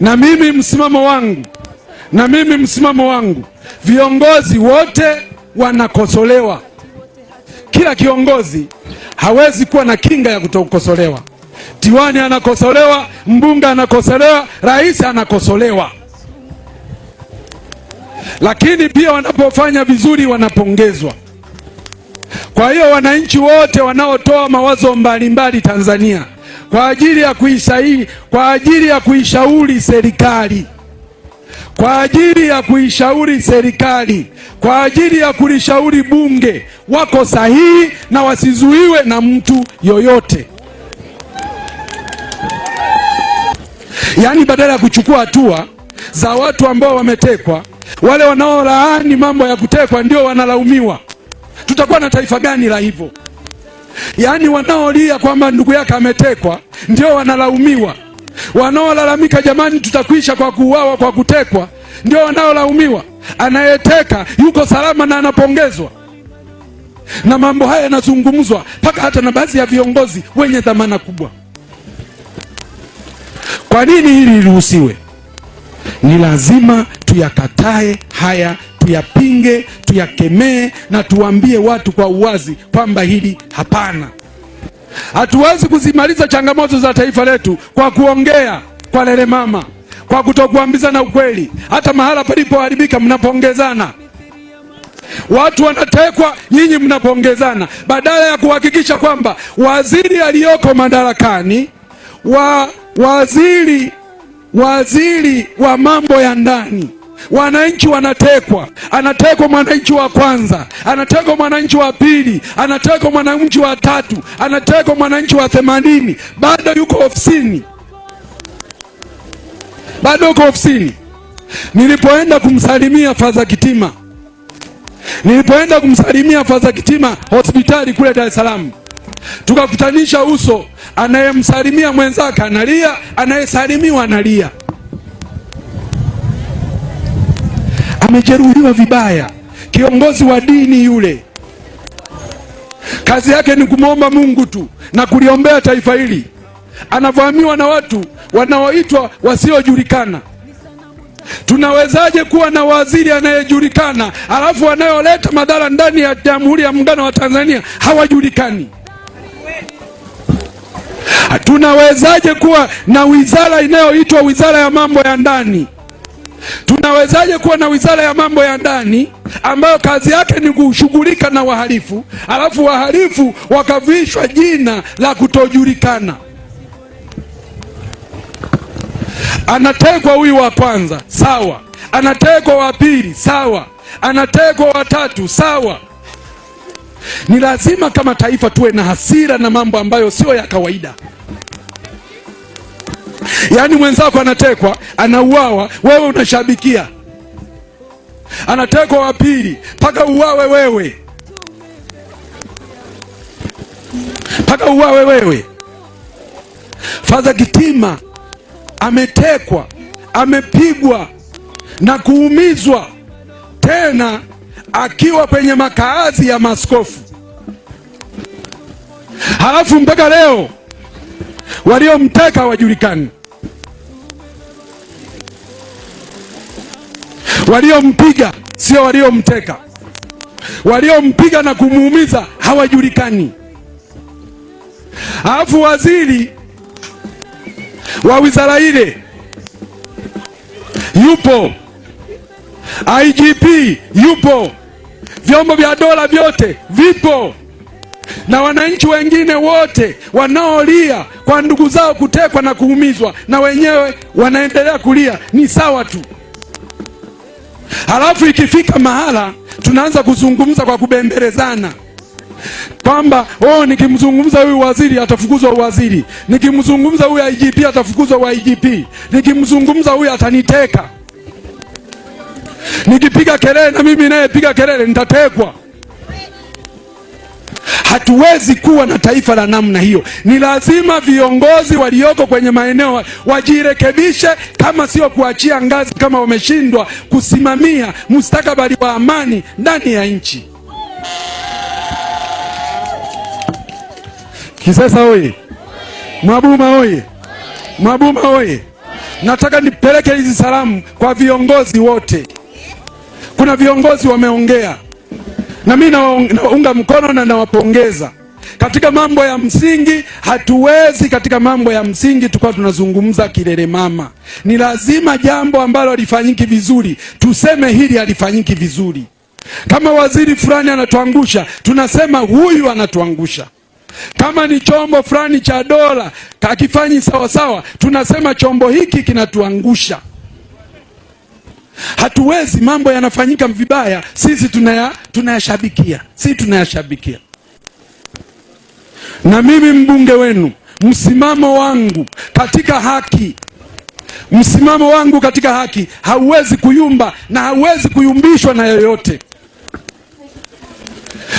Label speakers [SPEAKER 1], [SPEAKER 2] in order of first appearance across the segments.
[SPEAKER 1] Na mimi msimamo wangu, na mimi msimamo wangu, viongozi wote wanakosolewa. Kila kiongozi hawezi kuwa na kinga ya kutokosolewa. Diwani anakosolewa, mbunge anakosolewa, rais anakosolewa, lakini pia wanapofanya vizuri wanapongezwa. Kwa hiyo wananchi wote wanaotoa mawazo mbalimbali Tanzania kwa ajili ya kuishauri, kwa ajili ya kuishauri serikali kwa ajili ya kuishauri serikali, kwa ajili ya kulishauri bunge, wako sahihi na wasizuiwe na mtu yoyote. Yaani, badala ya kuchukua hatua za watu ambao wametekwa, wale wanaolaani mambo ya kutekwa ndio wanalaumiwa. Tutakuwa na taifa gani la hivyo? Yaani wanaolia kwamba ndugu yake ametekwa ndio wanalaumiwa, wanaolalamika jamani, tutakwisha kwa kuuawa, kwa kutekwa, ndio wanaolaumiwa. Anayeteka yuko salama na anapongezwa, na mambo haya yanazungumzwa mpaka hata na baadhi ya viongozi wenye dhamana kubwa. Kwa nini hili liruhusiwe? Ni lazima tuyakatae haya, tuyapinge, tuyakemee na tuwaambie watu kwa uwazi kwamba hili hapana. Hatuwezi kuzimaliza changamoto za taifa letu kwa kuongea kwa lelemama, kwa kutokuambizana ukweli. Hata mahala palipoharibika mnapongezana, watu wanatekwa, nyinyi mnapongezana, badala ya kuhakikisha kwamba waziri aliyoko madarakani wa waziri waziri wa mambo ya ndani Wananchi wanatekwa, anatekwa mwananchi wa kwanza, anatekwa mwananchi wa pili, anatekwa mwananchi wa tatu, anatekwa mwananchi wa themanini, bado yuko ofisini, bado yuko ofisini. Nilipoenda kumsalimia Fadha Kitima, nilipoenda kumsalimia Fadha Kitima hospitali kule Dar es Salaam, tukakutanisha uso, anayemsalimia mwenzake analia, anayesalimiwa analia. amejeruhiwa vibaya, kiongozi wa dini yule kazi yake ni kumwomba Mungu tu na kuliombea taifa hili, anavamiwa na watu wanaoitwa wasiojulikana. Tunawezaje kuwa na waziri anayejulikana alafu wanayoleta madhara ndani ya Jamhuri ya Muungano wa Tanzania hawajulikani? Tunawezaje kuwa na wizara inayoitwa wizara ya mambo ya ndani Tunawezaje kuwa na wizara ya mambo ya ndani ambayo kazi yake ni kushughulika na wahalifu, alafu wahalifu wakavishwa jina la kutojulikana? Anatekwa huyu wa kwanza, sawa. Anatekwa wa pili, sawa. Anatekwa wa tatu, sawa. Ni lazima kama taifa tuwe na hasira na mambo ambayo sio ya kawaida. Yaani mwenzako anatekwa, anauawa, wewe unashabikia, anatekwa wa pili mpaka uwawe wewe, mpaka uwawe wewe. Fadha Kitima ametekwa, amepigwa na kuumizwa, tena akiwa kwenye makaazi ya maskofu halafu mpaka leo waliomteka wajulikani Waliompiga sio waliomteka, waliompiga na kumuumiza hawajulikani. Alafu waziri wa wizara ile yupo, IGP yupo, vyombo vya dola vyote vipo, na wananchi wengine wote wanaolia kwa ndugu zao kutekwa na kuumizwa, na wenyewe wanaendelea kulia, ni sawa tu. Halafu ikifika mahala tunaanza kuzungumza kwa kubembelezana kwamba oh, nikimzungumza huyu waziri atafukuzwa uwaziri, nikimzungumza huyu IGP atafukuzwa wa IGP, nikimzungumza huyu ataniteka, nikipiga kelele na mimi naye piga kelele nitatekwa. Hatuwezi kuwa na taifa la namna hiyo. Ni lazima viongozi walioko kwenye maeneo wajirekebishe, kama sio kuachia ngazi, kama wameshindwa kusimamia mustakabali wa amani ndani ya nchi. Kisesa oye! Mwabuma oye! Mwabuma oye! Nataka nipeleke hizi salamu kwa viongozi wote. Kuna viongozi wameongea na mi naunga mkono na nawapongeza katika mambo ya msingi. Hatuwezi katika mambo ya msingi tukawa tunazungumza kilele mama. Ni lazima jambo ambalo halifanyiki vizuri tuseme hili halifanyiki vizuri. Kama waziri fulani anatuangusha, tunasema huyu anatuangusha. Kama ni chombo fulani cha dola akifanyi sawasawa, tunasema chombo hiki kinatuangusha. Hatuwezi, mambo yanafanyika vibaya, sisi tunayashabikia, sisi tunayashabikia. Na mimi mbunge wenu, msimamo wangu katika haki, msimamo wangu katika haki hauwezi kuyumba na hauwezi kuyumbishwa na yoyote.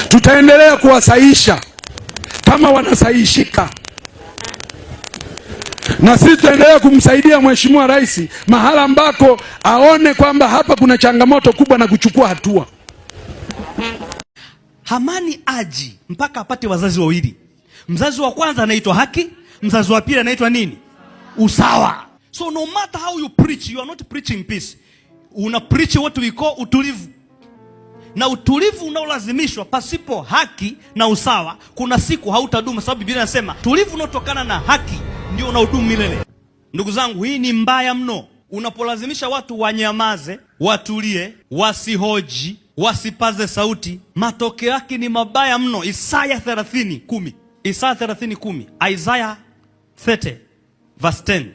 [SPEAKER 1] Tutaendelea kuwasaisha kama wanasaishika na sisi tutaendelea kumsaidia Mheshimiwa Rais mahala ambako aone kwamba hapa kuna changamoto kubwa na kuchukua hatua.
[SPEAKER 2] Hamani aji mpaka apate wazazi wawili. Mzazi wa kwanza anaitwa haki, mzazi wa pili anaitwa nini? Usawa. So no matter how you preach, you are not preaching peace. Una preach what we call utulivu, na utulivu unaolazimishwa pasipo haki na usawa, kuna siku hautadumu, sababu Biblia inasema tulivu unaotokana na haki ndio unahudumu milele. Ndugu zangu, hii ni mbaya mno, unapolazimisha watu wanyamaze, watulie, wasihoji, wasipaze sauti, matokeo yake ni mabaya mno. Isaya 30:10, Isaya 30:10, Isaiah 30 verse 10.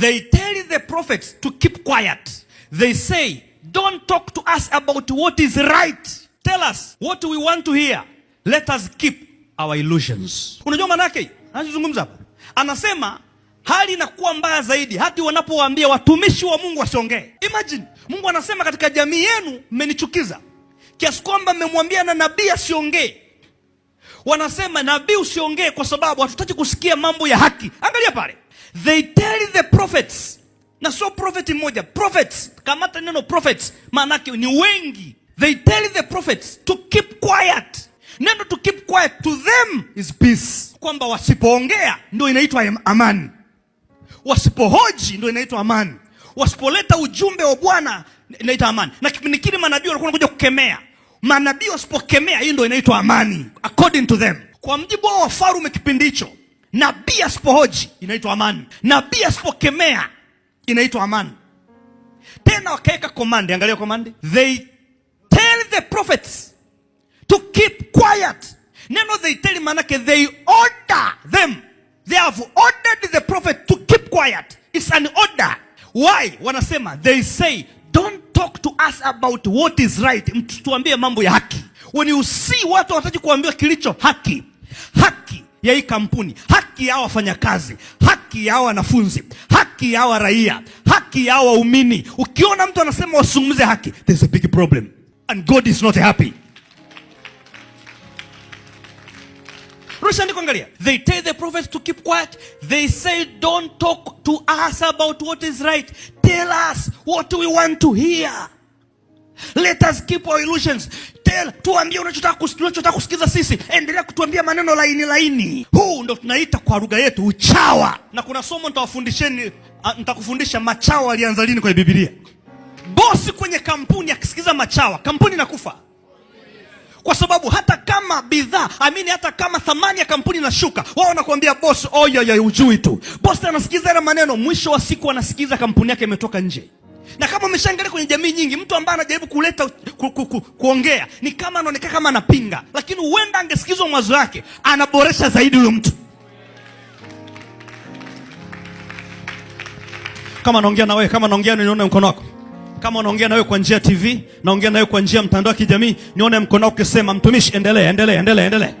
[SPEAKER 2] They tell the prophets to keep quiet. They say, don't talk to us about what is right. Tell us what we want to hear. Let us keep our illusions. Unajua maana yake? Anazungumza hapa. Anasema hali inakuwa mbaya zaidi hadi wanapowaambia watumishi wa Mungu wasiongee. Imagine, Mungu anasema katika jamii yenu mmenichukiza kiasi kwamba mmemwambia na nabii asiongee. Wanasema nabii usiongee kwa sababu hatutaki kusikia mambo ya haki. Angalia pale, they tell the prophets, na sio prophet mmoja, prophets. Kamata neno prophets, maana ni wengi. They tell the prophets to keep quiet Neno to keep quiet to them is peace, kwamba wasipoongea ndio inaitwa amani, wasipohoji ndio inaitwa amani, wasipoleta ujumbe wa Bwana inaitwa amani. Na kipindi kile manabii walikuwa wanakuja kukemea, manabii wasipokemea, hiyo ndio inaitwa amani according to them, kwa mjibu wa wafarume kipindi hicho. Nabii asipohoji inaitwa amani, nabii asipokemea inaitwa amani. Tena wakaweka komandi, angalia komandi, they tell the prophets to keep quiet. Neno they tell manake they order them. They have ordered the prophet to keep quiet. It's an order. Why? Wanasema they say don't talk to us about what is right. Mtuambie mambo ya haki. When you see watu wanataka kuambiwa kilicho haki. Haki ya hii kampuni, haki ya hawa wafanyakazi, haki ya wanafunzi, haki ya hawa raia, haki ya waumini. Ukiona mtu anasema wasungumze haki, there's a big problem and God is not happy. rusha andiko angalia they tell the prophets to keep quiet they say don't talk to us about what is right tell us what we want to hear let us keep our illusions tell tuambie unachotaka kusikiza sisi endelea kutuambia maneno laini laini huu ndo tunaita kwa lugha yetu uchawa na kuna somo nitawafundisheni ah, nitakufundisha machawa alianza lini kwenye bibilia bosi kwenye kampuni akisikiza machawa kampuni nakufa kwa sababu hata kama bidhaa amini, hata kama thamani ya kampuni inashuka, wao wanakuambia boss, oyoyo, ujui tu. Boss anasikiza ile maneno, mwisho wa siku anasikiza kampuni yake imetoka nje na kama umeshaangalia kwenye jamii nyingi, mtu ambaye anajaribu kuleta ku, ku, ku, kuongea ni kama anaonekana kama anapinga, lakini huenda angesikizwa mwazo yake, anaboresha zaidi huyo mtu. Kama naongea na wewe, kama naongea, nione mkono wako. Kama unaongea nawe kwa njia TV, naongea nawe kwa njia mtandao wa kijamii, nione mkono wako ukisema, mtumishi, endelee endelee endelee endelee.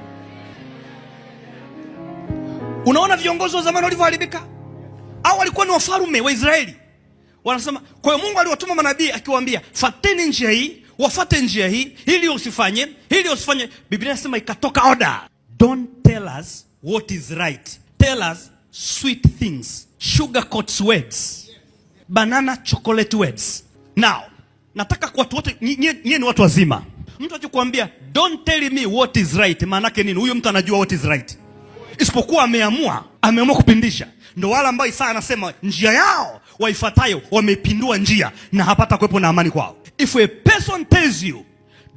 [SPEAKER 2] Unaona viongozi wa zamani walivyoharibika, au walikuwa ni wafalme wa Israeli wanasema. Kwa hiyo Mungu aliwatuma manabii akiwaambia, fateni njia hii, wafate njia hii, ili usifanye, ili usifanye. Biblia inasema ikatoka oda, Don't tell us what is right, tell us sweet things, sugar coats words, banana chocolate words Now, nataka kwa watu wote nyie ni watu wazima. Mtu akikwambia don't tell me what is right, maana yake nini? Huyo mtu anajua what is right. Isipokuwa ameamua, ameamua kupindisha. Ndio wale ambao Isaya anasema njia yao waifuatayo wamepindua njia na hapata kuwepo na amani kwao. If a person tells you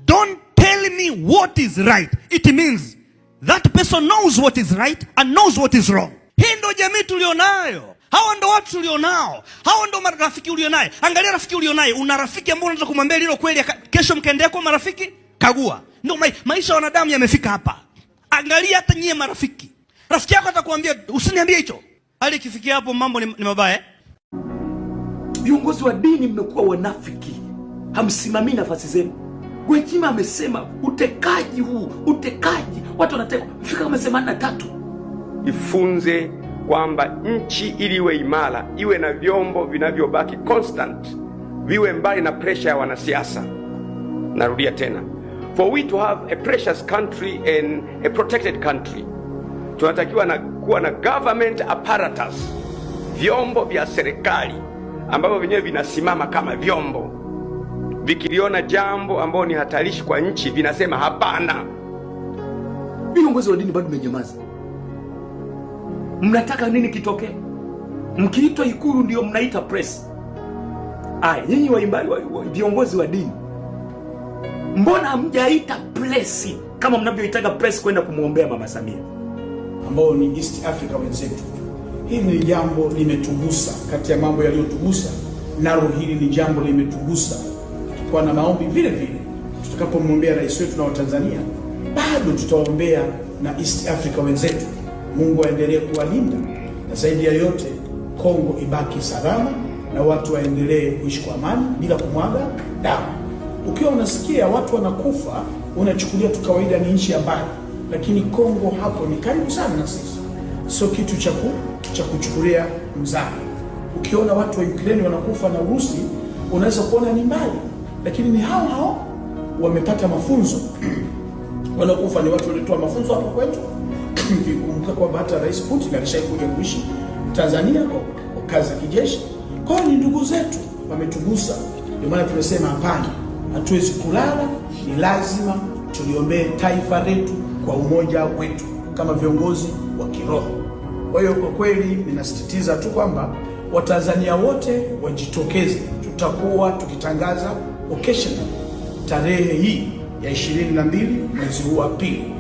[SPEAKER 2] don't tell me what is right, it means that person knows what is right and knows what is wrong. Hii ndio jamii tulionayo. Hawa ndo watu ulionao, hawa ndo marafiki ulionaye. Angalia rafiki ulionaye, una rafiki ambao unaweza kumwambia lilo kweli, kesho mkaendea kwa marafiki. Kagua, ndio ma maisha ya wanadamu yamefika hapa. Angalia hata nyie marafiki, rafiki yako atakwambia usiniambie hicho. Hali ikifikia hapo, mambo ni, ni mabaya. Eh? Viongozi wa dini mmekuwa wanafiki, hamsimamii nafasi zenu. Gwajima amesema utekaji huu, utekaji, watu wanatekwa fika kama themanini na tatu.
[SPEAKER 3] Jifunze kwamba nchi ili iwe imara iwe na vyombo vinavyobaki constant, viwe mbali na pressure ya wanasiasa. Narudia tena, for we to have a precious country and a protected country, tunatakiwa na kuwa na government apparatus, vyombo vya serikali ambavyo vyenyewe vinasimama kama vyombo, vikiliona jambo ambalo ni hatarishi kwa nchi vinasema hapana.
[SPEAKER 2] Viongozi wa dini bado menyamaza mnataka nini kitokee? Mkiitwa Ikulu ndio mnaita press. Aya, ah, nyinyi waimbaji, viongozi wa dini, mbona hamjaita press kama mnavyoitaga press kwenda kumwombea Mama Samia
[SPEAKER 4] ambao ni East Africa wenzetu? Hili ni jambo limetugusa, kati ya mambo yaliyotugusa, nalo hili ni jambo limetugusa. Tukikuwa na maombi vile vile, tutakapomwombea rais wetu na Watanzania, bado tutaombea na East Africa wenzetu. Mungu aendelee kuwalinda na zaidi ya yote Kongo ibaki salama na watu waendelee kuishi kwa amani bila kumwaga damu. Ukiwa unasikia watu wanakufa unachukulia tu kawaida, ni nchi ya mbali, lakini Kongo hapo ni karibu sana na sisi, sio kitu cha kuchukulia mzaha. Ukiona watu wa Ukraine wanakufa na Urusi unaweza kuona ni mbali, lakini ni hao hao wamepata mafunzo. Wanaokufa ni watu walitoa mafunzo hapo kwetu nikikumbuka kwamba hata Rais Putin alishai kuja kuishi Tanzania kwa kazi za kijeshi. Kwa ni ndugu zetu wametugusa, ndio maana tumesema hapana, hatuwezi kulala, ni lazima tuliombee taifa letu kwa umoja wetu kama viongozi wa kiroho. Kwa hiyo kwa kweli ninasisitiza tu kwamba Watanzania wote wajitokeze, tutakuwa tukitangaza occasionally tarehe hii ya 22 mwezi huu wa pili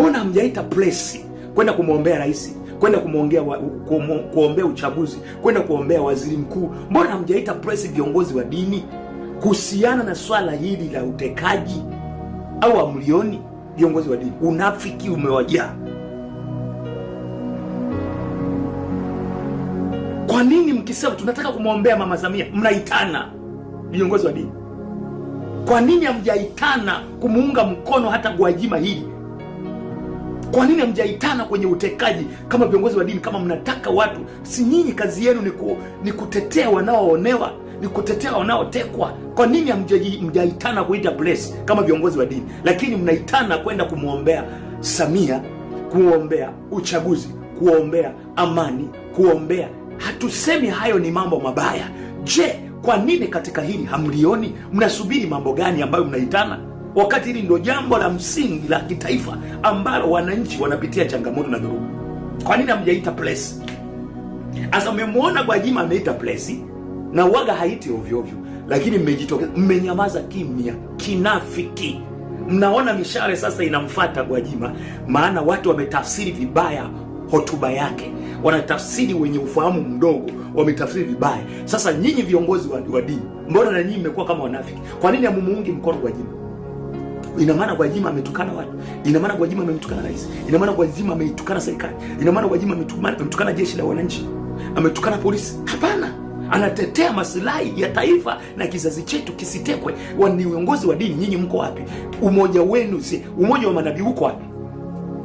[SPEAKER 2] mbona hamjaita presi kwenda kumwombea rais, kwenda kumwongea kuombea uchaguzi, kwenda kuombea waziri mkuu? Mbona hamjaita presi viongozi wa dini kuhusiana na swala hili la utekaji? Au amlioni viongozi wa dini? Unafiki umewajaa. Kwa nini mkisema tunataka kumwombea mama Samia mnaitana viongozi wa dini? Kwa nini hamjaitana kumuunga mkono hata Gwajima hili kwa nini hamjaitana kwenye utekaji kama viongozi wa dini? Kama mnataka watu, si nyinyi kazi yenu ni, ku, ni kutetea wanaoonewa, ni kutetea wanaotekwa? Kwa nini hamjaitana kuita bless kama viongozi wa dini, lakini mnaitana kwenda kumwombea Samia, kuombea uchaguzi, kuombea amani, kuombea hatusemi hayo ni mambo mabaya. Je, kwa nini katika hili hamlioni? Mnasubiri mambo gani ambayo mnaitana? wakati hili ndio jambo la msingi la kitaifa ambalo wananchi wanapitia changamoto na dhuruma Kwa nini amjaita press? Asa, mmemwona Gwajima ameita press na uwaga haiti ovyo ovyo, lakini mmejitokeza, mmenyamaza kimya kinafiki. Mnaona mishale sasa inamfuata Gwajima, maana watu wametafsiri vibaya hotuba yake, wanatafsiri wenye ufahamu mdogo wametafsiri vibaya. Sasa nyinyi viongozi wa dini, mbona na nyinyi mmekuwa kama wanafiki? Kwa nini amumuungi mkono Gwajima? Ina maana Gwajima ametukana watu, ina maana Gwajima amemtukana rais, ina maana Gwajima ameitukana serikali, ina maana Gwajima ametukana jeshi la wananchi, ametukana polisi. Hapana, anatetea masilahi ya taifa na kizazi chetu kisitekwe. Ni viongozi wa dini, nyinyi mko wapi? Umoja wenu, si umoja wa manabii uko wapi?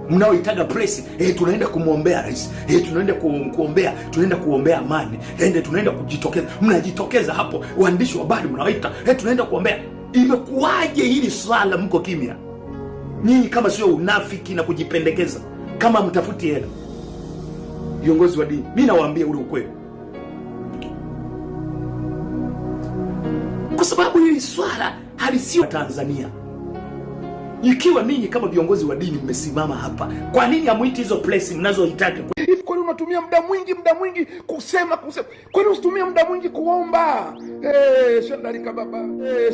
[SPEAKER 2] mnaoitaga press eh, tunaenda kumwombea rais eh, tunaenda ku, kuombea tunaenda kuombea amani eh, tunaenda kujitokeza. Mnajitokeza hapo, waandishi wa habari mnawaita eh, tunaenda kuombea imekuwaje hili swala mko kimya nyinyi, kama sio unafiki na kujipendekeza, kama mtafuti hela? Viongozi wa dini, mi nawaambia ule ukweli, kwa sababu hili swala halisio Tanzania ikiwa ninyi kama viongozi wa dini mmesimama hapa, kwa nini hamuiti hizo place mnazohitaji? Hivi kwani unatumia muda mwingi muda mwingi kusema kusema, kwani usitumie muda mwingi kuomba? Eh, eh, eh,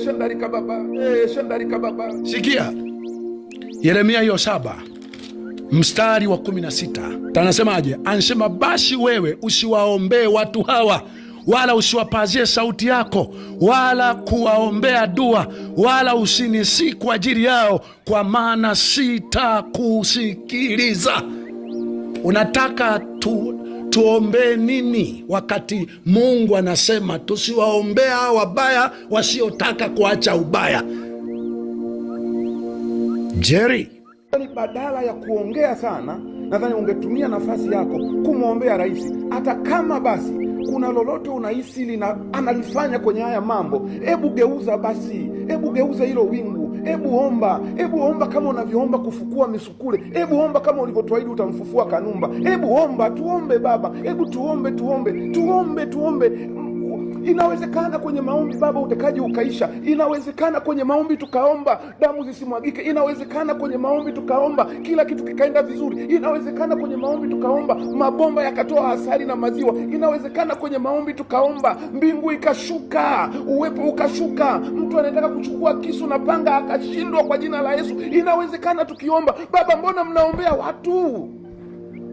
[SPEAKER 2] shandarika baba.
[SPEAKER 1] Sikia Yeremia hiyo saba mstari wa kumi na sita tanasemaje? Anasema basi wewe usiwaombee watu hawa wala usiwapazie sauti yako wala kuwaombea dua wala usinisi kwa ajili yao, kwa maana sitakusikiliza. Unataka tu, tuombee nini wakati Mungu anasema tusiwaombea hao wabaya wasiotaka kuacha ubaya? Jerry,
[SPEAKER 5] badala ya kuongea sana, nadhani ungetumia nafasi yako kumwombea rais, hata kama basi kuna lolote unahisi lina analifanya kwenye haya mambo, hebu geuza basi, hebu geuza hilo wingu, hebu omba, hebu omba kama unavyoomba kufukua misukule, hebu omba kama ulivyotwaidi utamfufua Kanumba, hebu omba, tuombe Baba, hebu tuombe, tuombe, tuombe, tuombe Inawezekana kwenye maombi Baba utekaji ukaisha. Inawezekana kwenye maombi tukaomba damu zisimwagike. Inawezekana kwenye maombi tukaomba kila kitu kikaenda vizuri. Inawezekana kwenye maombi tukaomba mabomba yakatoa asali na maziwa. Inawezekana kwenye maombi tukaomba mbingu ikashuka, uwepo ukashuka, mtu anaetaka kuchukua kisu na panga akashindwa kwa jina la Yesu. Inawezekana tukiomba. Baba, mbona mnaombea watu?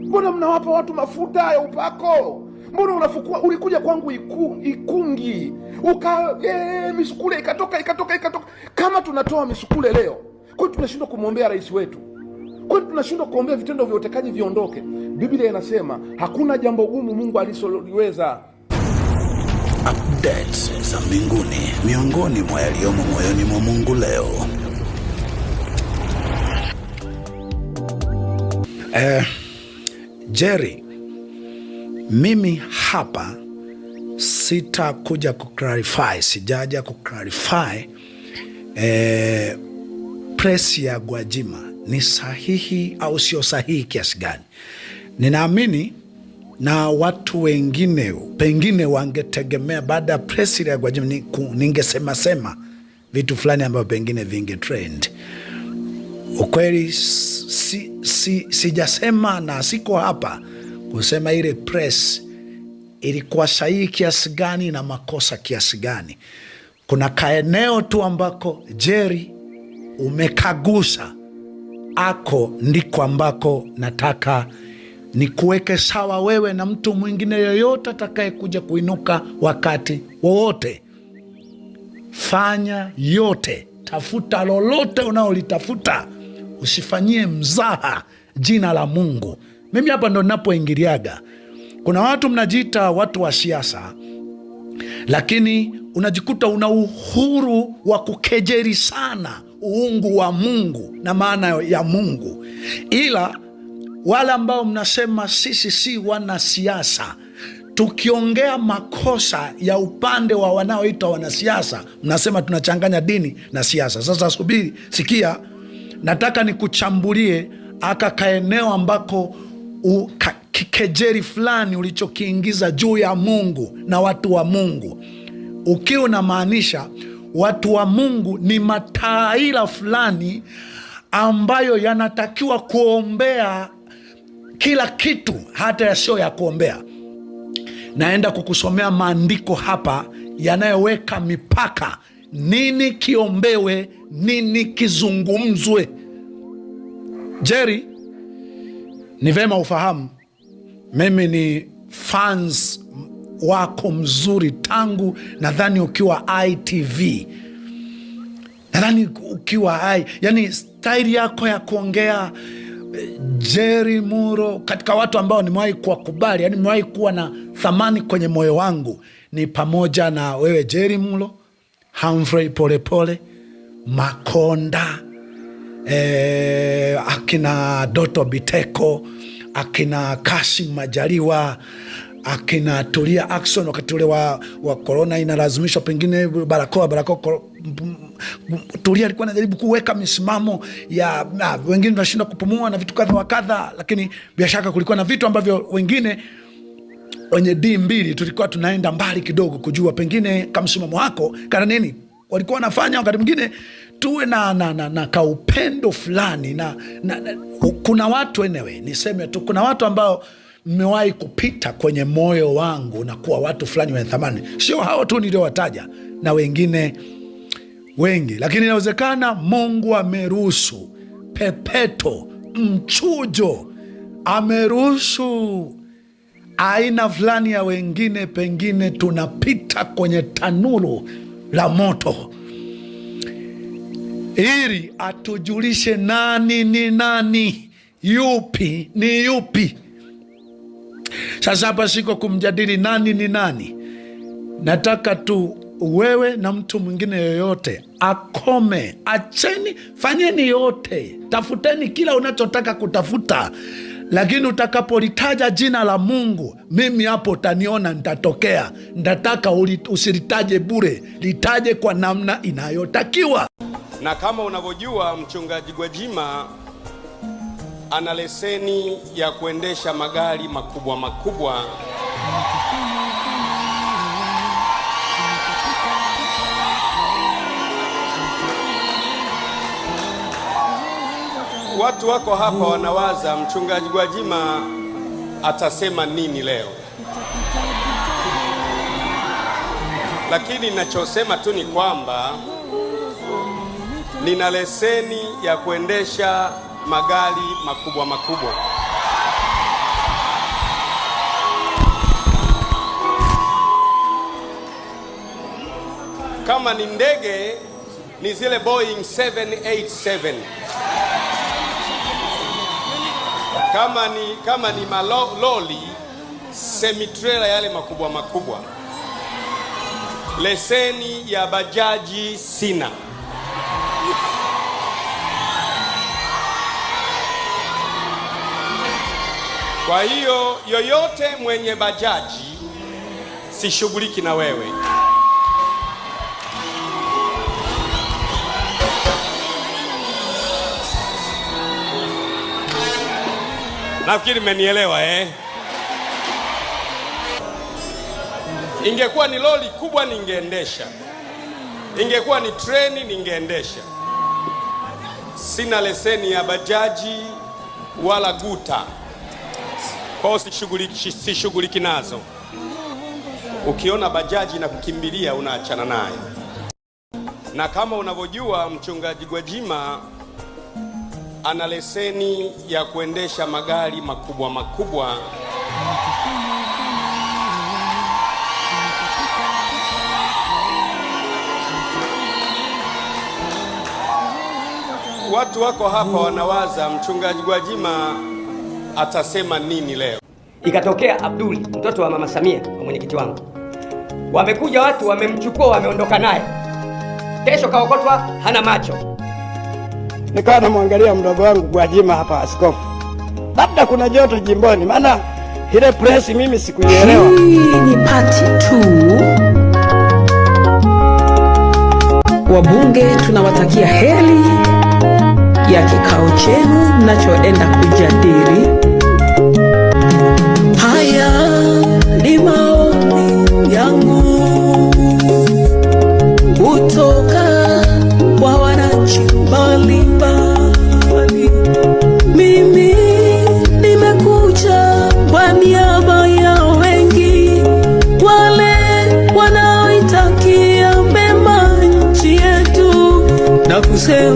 [SPEAKER 5] Mbona mnawapa watu mafuta ya upako? mbona unafukua? Ulikuja kwangu iku, Ikungi uka ee, misukule ikatoka ikatoka ikatoka. Kama tunatoa misukule leo, kwani tunashindwa kumwombea rais wetu? Kwani tunashindwa kuombea vitendo vya utekaji viondoke? Biblia inasema hakuna jambo gumu Mungu alisoliweza
[SPEAKER 1] za mbinguni, miongoni mwa yaliyomo moyoni mwa Mungu leo. Eh, Jerry mimi hapa sitakuja kuclarify, sijaja kuclarify eh, presi ya Gwajima ni sahihi au sio sahihi kiasi gani. Ninaamini na watu wengine pengine wangetegemea baada ya presi ya Gwajima ningesema sema vitu fulani ambavyo pengine vinge trend. Ukweli si, si, sijasema na siko hapa kusema ile press ilikuwa sahihi kiasi gani na makosa kiasi gani. Kuna kaeneo tu ambako Jerry umekagusa ako ndiko ambako nataka nikuweke sawa wewe na mtu mwingine yoyote atakayekuja kuinuka wakati wowote. Fanya yote, tafuta lolote unaolitafuta, usifanyie mzaha jina la Mungu. Mimi hapa ndo napoingiliaga. Kuna watu mnajiita watu wa siasa, lakini unajikuta una uhuru wa kukejeri sana uungu wa Mungu na maana ya Mungu, ila wale ambao mnasema sisi si wanasiasa tukiongea makosa ya upande wa wanaoitwa wanasiasa, mnasema tunachanganya dini na siasa. Sasa subiri, sikia, nataka nikuchambulie aka kaeneo ambako kikejeri fulani ulichokiingiza juu ya Mungu na watu wa Mungu, ukiwa unamaanisha watu wa Mungu ni mataaira fulani ambayo yanatakiwa kuombea kila kitu, hata yasiyo ya kuombea. Naenda kukusomea maandiko hapa yanayoweka mipaka, nini kiombewe, nini kizungumzwe. Jerry ni vema ufahamu mimi ni fans wako mzuri tangu nadhani ukiwa ITV, nadhani ukiwa I, yani staili yako ya kuongea jeri Muro, katika watu ambao nimewahi kuwakubali, yani nimewahi kuwa na thamani kwenye moyo wangu ni pamoja na wewe jeri Muro, hamfrey Polepole, Makonda eh, akina Doto Biteko, akina Kasim Majaliwa akina Tulia Ackson wakati ule wa, wa korona inalazimishwa pengine barakoa barakoa. Tulia alikuwa anajaribu kuweka misimamo ya na, wengine tunashindwa kupumua na vitu kadha wa kadha, lakini bila kulikuwa na vitu ambavyo wengine wenye D mbili tulikuwa tunaenda mbali kidogo kujua pengine kamsimamo wako kana nini walikuwa wanafanya wakati mwingine tuwe na, na, na, na kaupendo fulani na, na, na, kuna watu enewe, niseme tu, kuna watu ambao mmewahi kupita kwenye moyo wangu na kuwa watu fulani wenye thamani, sio hao tu niliowataja na wengine wengi, lakini inawezekana Mungu ameruhusu pepeto, mchujo, ameruhusu aina fulani ya wengine, pengine tunapita kwenye tanuru la moto ili atujulishe nani ni nani, yupi ni yupi. Sasa hapa siko kumjadili nani ni nani, nataka tu wewe na mtu mwingine yoyote akome. Acheni, fanyeni yote, tafuteni kila unachotaka kutafuta lakini utakapolitaja jina la Mungu, mimi hapo utaniona, nitatokea. Ntataka usilitaje bure, litaje kwa namna inayotakiwa.
[SPEAKER 6] Na kama unavyojua, mchungaji Gwajima ana leseni ya kuendesha magari makubwa makubwa watu wako hapa wanawaza mchungaji Gwajima atasema nini leo, lakini ninachosema tu ni kwamba nina leseni ya kuendesha magari makubwa makubwa. Kama ni ndege ni zile Boeing 787 kama ni, kama ni maloli semitrela yale makubwa makubwa. Leseni ya bajaji sina. Kwa hiyo yoyote mwenye bajaji sishughuliki na wewe. Nafikiri mmenielewa eh? Ingekuwa ni loli kubwa ningeendesha, ingekuwa ni treni ningeendesha. Sina leseni ya bajaji wala guta, kwa hiyo sishughuliki sishughuliki nazo. Ukiona bajaji na kukimbilia, unaachana naye, na kama unavyojua mchungaji Gwajima ana leseni ya kuendesha magari makubwa makubwa Watu wako hapa wanawaza mchungaji Gwajima atasema nini leo.
[SPEAKER 7] Ikatokea Abduli mtoto wa mama Samia wa mwenyekiti wangu, wamekuja watu wamemchukua, wameondoka naye, kesho kaokotwa hana macho
[SPEAKER 5] nikawa namwangalia mdogo wangu Gwajima hapa, askofu, labda kuna joto jimboni, maana ile presi mimi sikuielewa.
[SPEAKER 8] Hii ni pati tu. Wabunge tunawatakia heri ya kikao chenu mnachoenda kujadili. ser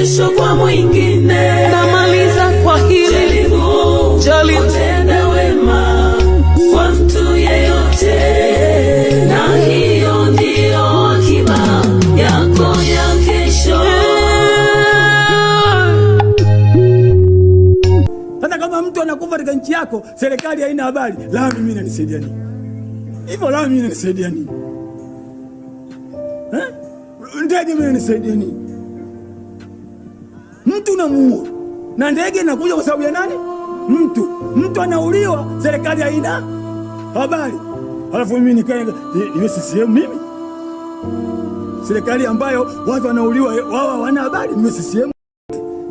[SPEAKER 9] kesho kwa mwingine.
[SPEAKER 10] Namaliza kwa hili jaribu
[SPEAKER 9] kutenda wema kwa mtu yeyote, na hiyo ndiyo akiba yako ya kesho.
[SPEAKER 5] Hata kama mtu anakufa katika nchi yako, serikali haina habari, la mimi inanisaidia nini? Hivyo la mimi inanisaidia nini? Ndege eh? mimi inanisaidia nini? mtu unamuua, na ndege inakuja kwa sababu ya nani? Mtu mtu anauliwa, serikali haina habari, halafu mimi nikae iwe CCM mimi, serikali ambayo watu wanauliwa wao hawana habari, mimi CCM.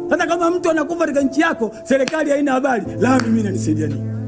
[SPEAKER 5] Hata kama mtu anakufa katika nchi yako, serikali haina habari, la mimi inanisaidia nini?